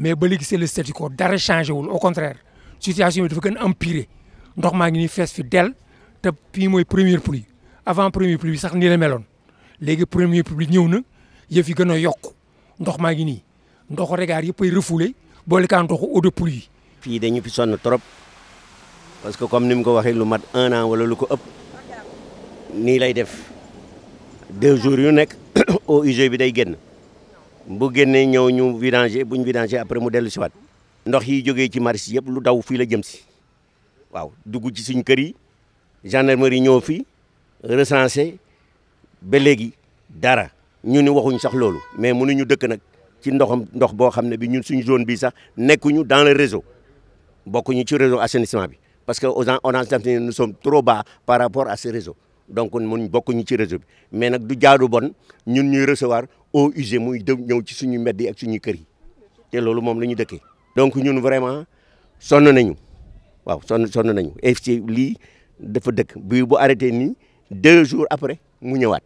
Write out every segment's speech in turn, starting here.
mais ba léegi c'est le statu quo dara changé wul au contraire situation bi dafa gën a empirer ndox maa ngi nii fees fi del te fi moy première pluie avant première pluie sax ni la meloon léegi première pluie ñëw na yëf yi gën a ndox maa ngi nii ndoxu regard yëpp ay refoulé boole kaa ndoxu eau de pluie. fi dañu fi sonn trop parce que comme nim ko waxee lu mat 1 an wala lu ko ëpp ni lay def deux jours yu nek au usée bi day génn bu nous ñu à après mu dellu si waat ndox yi jógee ci Nous yëpp lu daw fii la jëm waaw gendarmerie dara ñu ni waxuñ sax lolu mais mënuñu dëkk nak ci ndoxam ndox bo xamné ne bi ñun suñu zone bi sax dans le réseau bokkuñu ci réseau assainissement bi parce que aux on nous sommes trop bas par rapport à ce réseau donc mun bokkuñu ci réseau bi mais nak du jaadu bon ñun ñuy recevoir eau usée muy dem ñëw ci suñu mbedd yi ak suñu kër yi te loolu moom la ñu dëkkee. donc ñun vraiment sonn nañu waaw sonn sonn nañu et ci lii dafa dëkk bi bu arrêté nii deux jours après mu ñëwaat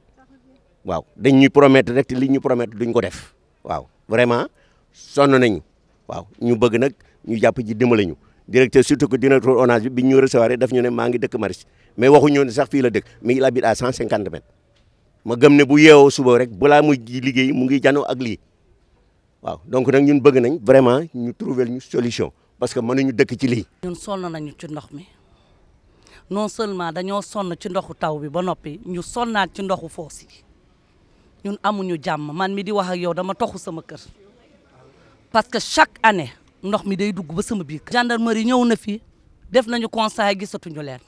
waaw dañ ñuy promettre rek te li ñu promettre duñ ko def waaw vraiment sonn nañu waaw ñu bëgg nag ñu jàpp ci dimbali ñu. directeur surtout que directeur ONAS bi ñu recevoir daf ñu ne maa ngi dëkk Maristes mais waxuñu ne sax fii la dëkk mais il habite à cent cinquante mètres ma gëm ne bu yeewoo suba rek balaa muy liggéey mu ngi janoo ak li waaw donc nak ñun bëgg nañ vraiment ñu trouver ñu solution parce que mënuñu dëkk ci li ñun sonna nañu ci ndox mi non seulement dañoo sonn ci ndoxu taw bi ba noppi ñu sonnaat ci ndoxu foos yi ñun amuñu jàmm man mi di wax ak yow dama toxu sama kër parce que chaque année ndox mi day dugg ba sama biir gendarmerie ñëw na fi def nañu constat gisatuñu leen.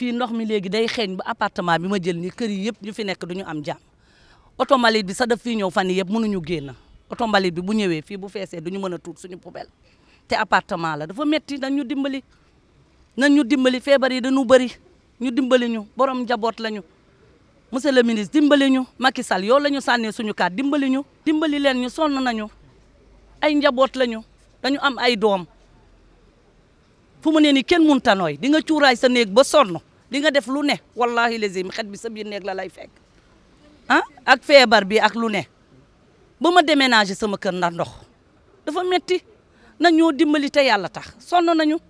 fii ndox mi léegi day xeeñ ba appartement bi ma jël nii kër yi yëpp ñu fi nekk du ñu am jàmm oto mbalit bi sax daf fii ñëw fan yii yëpp mënuñu génna oto mbalit bi bu ñëwee fii bu feesee du ñu mën a tuut suñu poubelle te appartement la dafa metti nañ ñu dimbali nañ ñu dimbali feebar yi dañu bëri ñu dimbali ñu borom njaboot lañu monsieur le ministre dimbali ñu Macky Sall yow la ñu sànnee suñu kaat dimbali ñu dimbali leen ñu sonn nañu ay njaboot la lañu dañu am ay doom fu mu ne nii kenn mënut a di nga cuuraay sa néeg ba sonn. di nga def lu ne wallahi lazim xet bi sa biir néeg la lay fekk ah ak feebar bi ak lu ne ba ma déménager sama kër ndax ndox dafa metti na ñoo dimbali te yàlla tax sonn nañu